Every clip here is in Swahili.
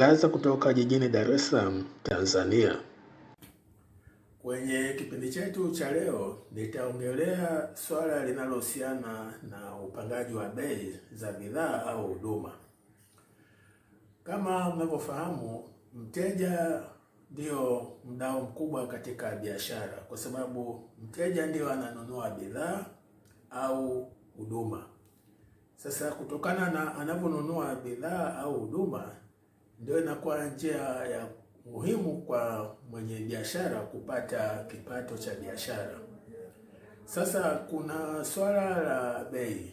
Gaza kutoka jijini Dar es Salaam, Tanzania. Kwenye kipindi chetu cha leo nitaongelea swala linalohusiana na upangaji wa bei za bidhaa au huduma. Kama mnavyofahamu, mteja ndio mdau mkubwa katika biashara, kwa sababu mteja ndio ananunua bidhaa au huduma. Sasa kutokana na anavyonunua bidhaa au huduma ndio inakuwa njia ya muhimu kwa mwenye biashara kupata kipato cha biashara. Sasa kuna swala la bei.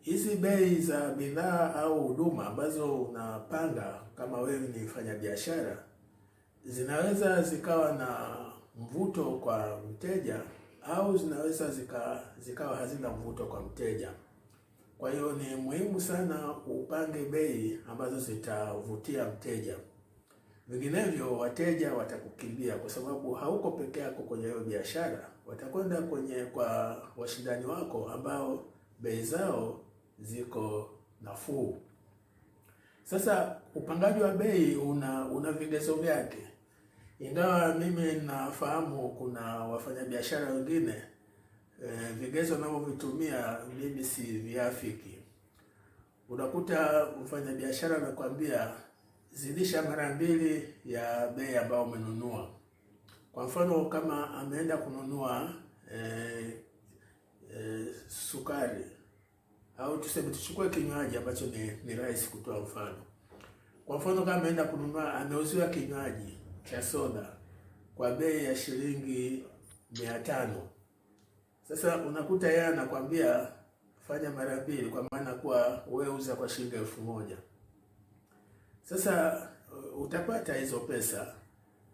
Hizi bei za bidhaa au huduma ambazo unapanga kama wewe ni biashara zinaweza zikawa na mvuto kwa mteja au zinaweza zika, zikawa hazina mvuto kwa mteja. Kwa hiyo ni muhimu sana upange bei ambazo zitavutia mteja, vinginevyo wateja watakukimbia, kwa sababu hauko peke yako kwenye hiyo biashara. Watakwenda kwenye kwa washindani wako ambao bei zao ziko nafuu. Sasa upangaji wa bei una una vigezo vyake, ingawa mimi nafahamu kuna wafanyabiashara wengine e, vigezo anavyovitumia mimi si viafiki. Unakuta mfanyabiashara anakwambia zidisha mara mbili ya bei ambayo umenunua. Kwa mfano kama ameenda kununua e, e, sukari au tuseme tuchukue kinywaji ambacho ni, ni rahisi kutoa mfano. Kwa mfano kama ameenda kununua ameuziwa kinywaji cha soda kwa bei ya shilingi mia tano sasa unakuta yeye anakwambia fanya mara mbili, kwa maana kuwa wewe uza kwa shilingi elfu moja. Sasa uh, utapata hizo pesa,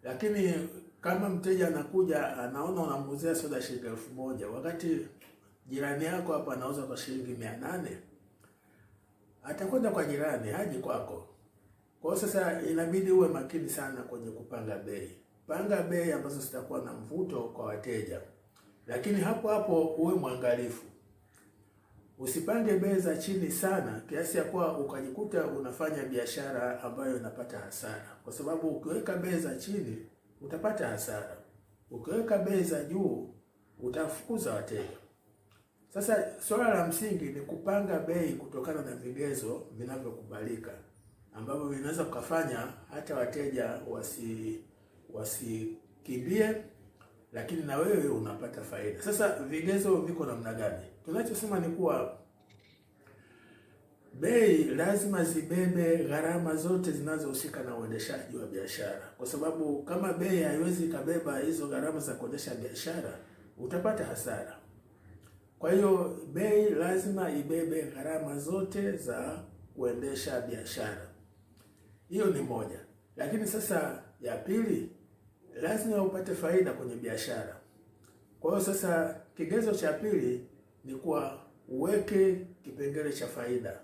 lakini kama mteja anakuja anaona unamuuzia soda shilingi elfu moja wakati jirani yako hapa anauza kwa shilingi mia nane atakwenda kwa jirani, haji kwako. Kwa hiyo sasa inabidi uwe makini sana kwenye kupanga bei. Panga bei ambazo zitakuwa na mvuto kwa wateja. Lakini hapo hapo uwe mwangalifu, usipange bei za chini sana kiasi ya kuwa ukajikuta unafanya biashara ambayo inapata hasara, kwa sababu ukiweka bei za chini utapata hasara, ukiweka bei za juu utafukuza wateja. Sasa swala la msingi ni kupanga bei kutokana na vigezo vinavyokubalika ambavyo vinaweza kukafanya hata wateja wasi wasikimbie lakini na wewe unapata faida. Sasa vigezo viko namna gani? Tunachosema ni kuwa bei lazima zibebe gharama zote zinazohusika na uendeshaji wa biashara, kwa sababu kama bei haiwezi ikabeba hizo gharama za kuendesha biashara utapata hasara. Kwa hiyo bei lazima ibebe gharama zote za kuendesha biashara. Hiyo ni moja, lakini sasa ya pili lazima upate faida kwenye biashara. Kwa hiyo sasa, kigezo cha pili ni kuwa uweke kipengele cha faida,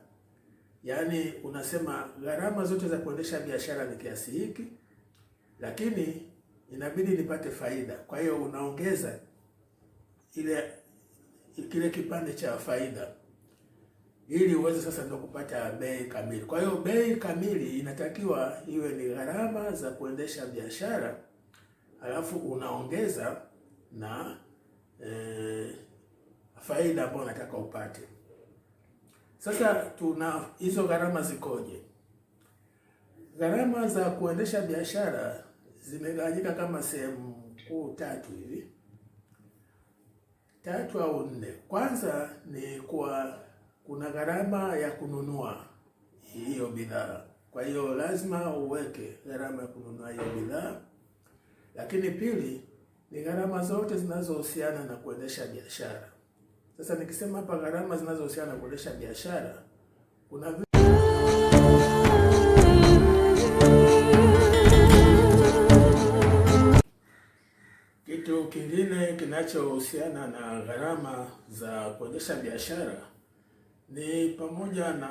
yaani unasema gharama zote za kuendesha biashara ni kiasi hiki, lakini inabidi nipate faida. Kwa hiyo unaongeza ile kile kipande cha faida ili uweze sasa ndio kupata bei kamili. Kwa hiyo bei kamili inatakiwa iwe ni gharama za kuendesha biashara alafu unaongeza na eh, faida ambayo unataka upate. Sasa tuna hizo gharama zikoje? Gharama za kuendesha biashara zimegawanyika kama sehemu kuu tatu hivi, tatu au nne. Kwanza ni kwa kuna gharama ya kununua hiyo bidhaa, kwa hiyo lazima uweke gharama ya kununua hiyo bidhaa lakini pili ni gharama zote zinazohusiana na kuendesha biashara. Sasa nikisema hapa gharama zinazohusiana na kuendesha biashara kuna kitu kingine kinachohusiana na gharama za kuendesha biashara ni pamoja na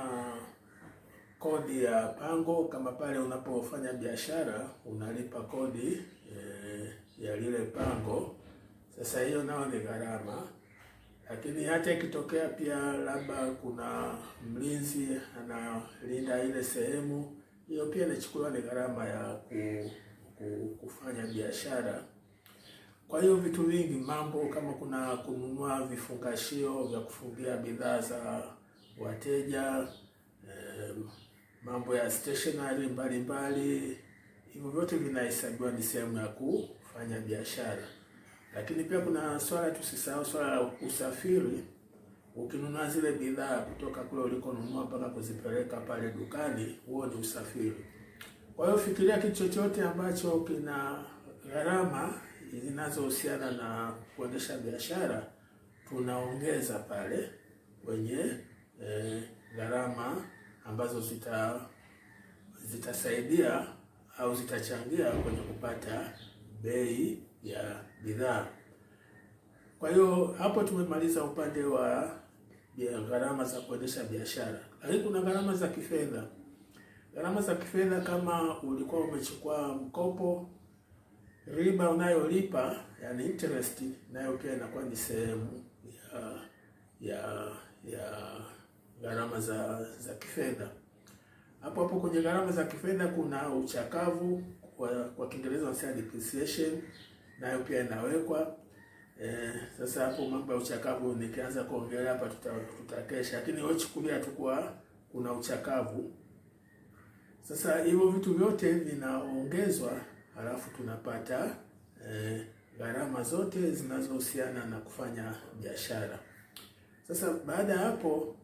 kodi ya pango. Kama pale unapofanya biashara unalipa kodi Eh, ya lile pango. Sasa hiyo nao ni gharama, lakini hata ikitokea pia labda kuna mlinzi analinda ile sehemu, hiyo pia inachukuliwa ni gharama ya ku, ku, kufanya biashara. Kwa hiyo vitu vingi, mambo kama kuna kununua vifungashio vya kufungia bidhaa za wateja eh, mambo ya stationery mbalimbali hivyo vyote vinahesabiwa ni sehemu ya kufanya biashara. Lakini pia kuna swala, tusisahau swala la usafiri. Ukinunua zile bidhaa kutoka kule ulikonunua mpaka kuzipeleka pale dukani, huo ni usafiri. Kwa hiyo fikiria kitu chochote ambacho kina gharama zinazohusiana na kuendesha biashara, tunaongeza pale kwenye eh, gharama eh, ambazo zita zitasaidia au zitachangia kwenye kupata bei ya bidhaa. Kwa hiyo hapo tumemaliza upande wa gharama za kuendesha biashara, lakini kuna gharama za kifedha. Gharama za kifedha, kama ulikuwa umechukua mkopo, riba unayolipa yani interest nayo pia inakuwa ni sehemu ya ya ya gharama za za kifedha. Hapo hapo kwenye gharama za kifedha kuna uchakavu, kwa, kwa Kiingereza wanasema depreciation, nayo pia inawekwa. Eh, sasa hapo mambo ya uchakavu nikianza kuongelea hapa tutakesha, lakini wewe chukulia tu kwa kuna uchakavu. Sasa hivyo vitu vyote vinaongezwa, halafu tunapata eh, gharama zote zinazohusiana na kufanya biashara. Sasa baada ya hapo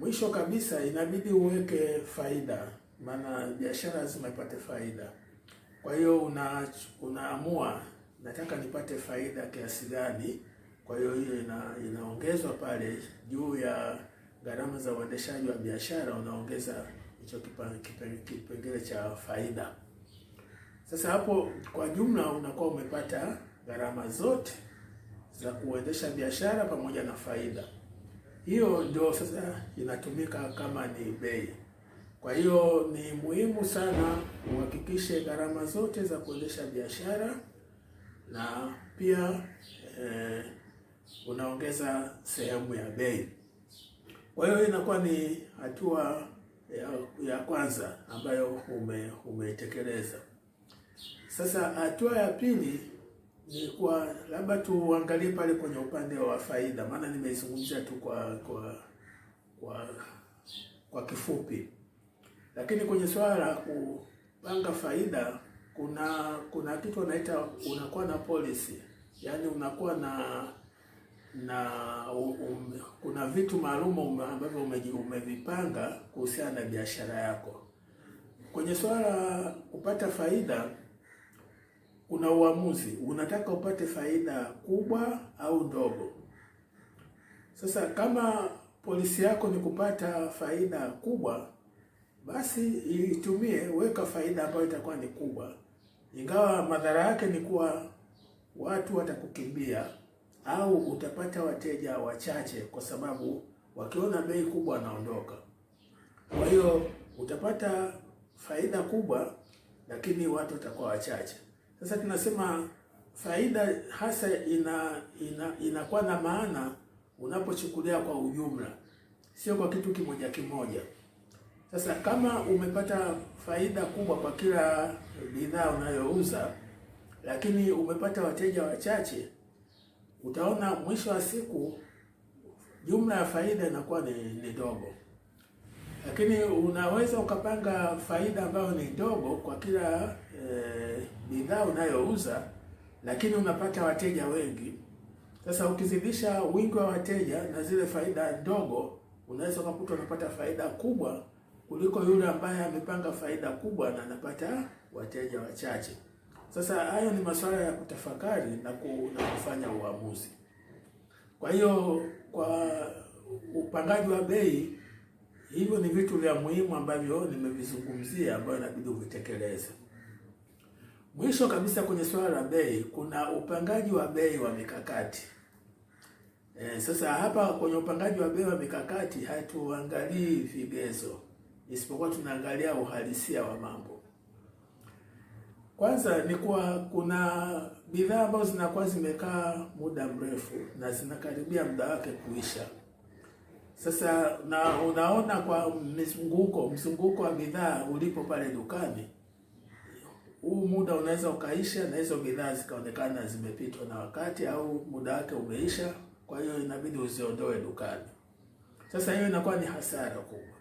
Mwisho kabisa inabidi uweke faida, maana biashara lazima ipate faida. Kwa hiyo una, unaamua nataka nipate faida kiasi gani. Kwa hiyo hiyo ina, inaongezwa pale juu ya gharama za uendeshaji wa biashara, unaongeza hicho kipengele cha faida. Sasa hapo kwa jumla unakuwa umepata gharama zote za kuendesha biashara pamoja na faida hiyo ndio sasa inatumika kama ni bei. Kwa hiyo ni muhimu sana uhakikishe gharama zote za kuendesha biashara na pia eh, unaongeza sehemu ya bei. Kwa hiyo inakuwa ni hatua ya, ya kwanza ambayo ume- Sasa hatua ya pili nilikuwa labda tuangalie pale kwenye upande wa faida, maana nimeizungumzia tu kwa kwa kwa kwa kifupi, lakini kwenye swala la kupanga faida kuna kuna kitu wanaita unakuwa na policy, yaani unakuwa na na um, kuna vitu maalum ambavyo umevipanga kuhusiana na biashara yako. Kwenye swala la kupata faida una uamuzi, unataka upate faida kubwa au ndogo. Sasa kama polisi yako ni kupata faida kubwa, basi itumie, weka faida ambayo itakuwa ni kubwa, ingawa madhara yake ni kuwa watu watakukimbia au utapata wateja wachache, kwa sababu wakiona bei kubwa wanaondoka. Kwa hiyo utapata faida kubwa, lakini watu watakuwa wachache. Sasa tunasema faida hasa ina inakuwa ina na maana unapochukulia kwa ujumla, sio kwa kitu kimoja kimoja. Sasa kama umepata faida kubwa kwa kila bidhaa unayouza, lakini umepata wateja wachache, utaona mwisho wa siku jumla ya faida inakuwa ni ndogo lakini unaweza ukapanga faida ambayo ni ndogo kwa kila e, bidhaa unayouza, lakini unapata wateja wengi. Sasa ukizidisha wingi wa wateja na zile faida ndogo, unaweza ukakuta unapata faida kubwa kuliko yule ambaye amepanga faida kubwa na anapata wateja wachache. Sasa hayo ni masuala ya kutafakari na, ku, na kufanya uamuzi. Kwa hiyo kwa upangaji wa bei Hivyo ni vitu vya muhimu ambavyo nimevizungumzia ambayo inabidi uvitekeleze. Mwisho kabisa, kwenye swala la bei, kuna upangaji wa bei wa mikakati. E, sasa hapa kwenye upangaji wa bei wa mikakati hatuangalii vigezo, isipokuwa tunaangalia uhalisia wa mambo. Kwanza ni kuwa kuna bidhaa ambazo zinakuwa zimekaa muda mrefu na zinakaribia muda wake kuisha sasa na unaona kwa mzunguko mzunguko wa bidhaa ulipo pale dukani, huu muda unaweza ukaisha na hizo bidhaa zikaonekana zimepitwa na wakati au muda wake umeisha, kwa hiyo inabidi uziondoe dukani. Sasa hiyo inakuwa ni hasara kubwa.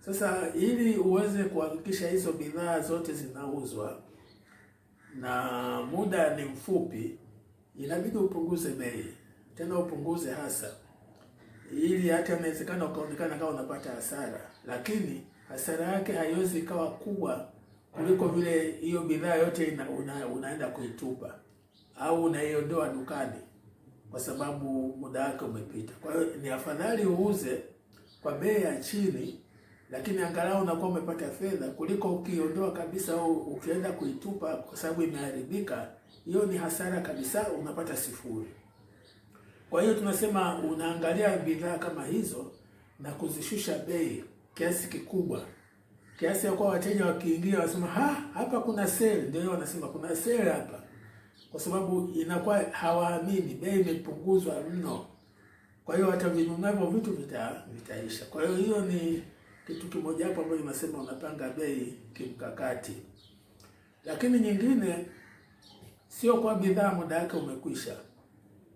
Sasa ili uweze kuhakikisha hizo bidhaa zote zinauzwa na muda ni mfupi, inabidi upunguze bei, tena upunguze hasa ili hata inawezekana ukaonekana kama unapata hasara, lakini hasara yake haiwezi ikawa kubwa kuliko vile hiyo bidhaa yote ina, una, unaenda kuitupa au unaiondoa dukani kwa sababu muda wake umepita. Kwa hiyo ni afadhali uuze kwa bei ya chini, lakini angalau unakuwa umepata fedha kuliko ukiondoa kabisa au ukienda kuitupa kwa sababu imeharibika. Hiyo ni hasara kabisa, unapata sifuri. Kwa hiyo tunasema unaangalia bidhaa kama hizo na kuzishusha bei kiasi kikubwa, kiasi ya kuwa wateja wakiingia wasema ha, hapa kuna sale, ndio wanasema kuna sale hapa, kwa sababu inakuwa hawaamini, bei imepunguzwa mno. Kwa hiyo hata vinunavyo vitu vita, vitaisha. Kwa hiyo hiyo ni kitu kimoja hapo ambayo unasema unapanga bei kimkakati, lakini nyingine sio kwa bidhaa muda wake umekwisha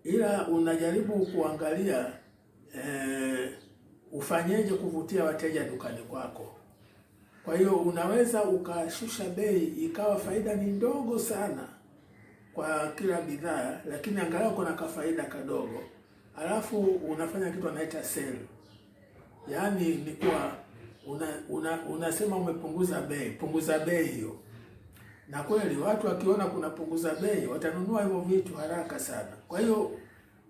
ila unajaribu kuangalia eh, ufanyeje kuvutia wateja dukani kwako. Kwa hiyo unaweza ukashusha bei ikawa faida ni ndogo sana kwa kila bidhaa, lakini angalau kuna kafaida kadogo, alafu unafanya kitu anaita sale, yaani ni kuwa una, una, unasema umepunguza bei. Punguza bei hiyo na kweli watu wakiona kuna punguza bei watanunua hivyo vitu haraka sana. Kwa hiyo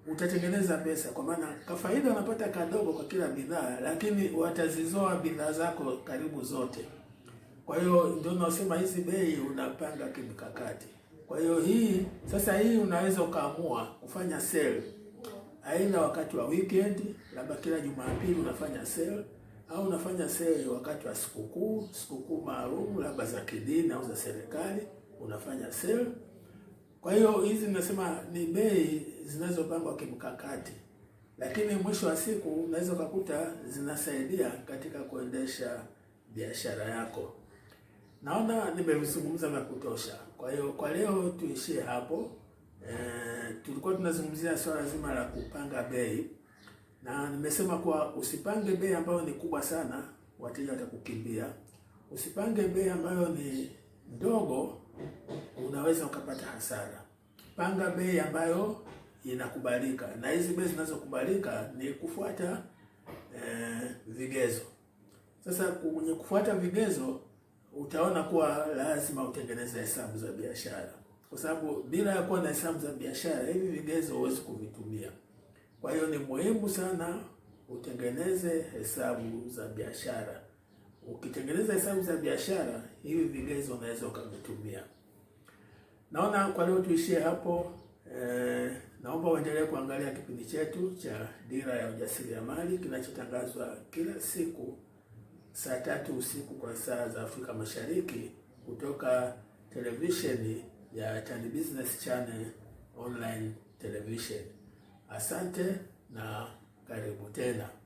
utatengeneza pesa, kwa maana kafaida unapata kadogo kwa kila bidhaa, lakini watazizoa bidhaa zako karibu zote. Kwa hiyo ndio unasema hizi bei unapanga kimkakati. Kwa hiyo hii sasa, hii unaweza ukaamua kufanya sale aina wakati wa weekend, labda kila Jumapili unafanya sale au unafanya sale wakati wa sikukuu, sikukuu maalum labda za kidini au za serikali, unafanya sale. Kwa hiyo hizi ninasema ni bei zinazopangwa kimkakati, lakini mwisho wa siku unaweza ukakuta zinasaidia katika kuendesha biashara yako. Naona nimezungumza vya kutosha, kwa hiyo kwa leo tuishie hapo. E, tulikuwa tunazungumzia swala zima la kupanga bei na nimesema kwa usipange bei ambayo ni kubwa sana, wateja watakukimbia. Usipange bei ambayo ni ndogo, unaweza ukapata hasara. Panga bei ambayo inakubalika, na hizi bei zinazokubalika ni kufuata eh, vigezo. Sasa kwenye kufuata vigezo utaona kuwa lazima utengeneze hesabu za biashara, kwa sababu bila ya kuwa na hesabu za biashara hivi vigezo huwezi kuvitumia. Kwa hiyo ni muhimu sana utengeneze hesabu za biashara. Ukitengeneza hesabu za biashara, hivi vigezo unaweza ukavitumia. Naona kwa leo tuishie hapo. E, naomba uendelee kuangalia kipindi chetu cha Dira ya Ujasiriamali kinachotangazwa kila siku saa tatu usiku kwa saa za Afrika Mashariki kutoka televisheni ya Tan Business Channel online television. Asante na karibu tena.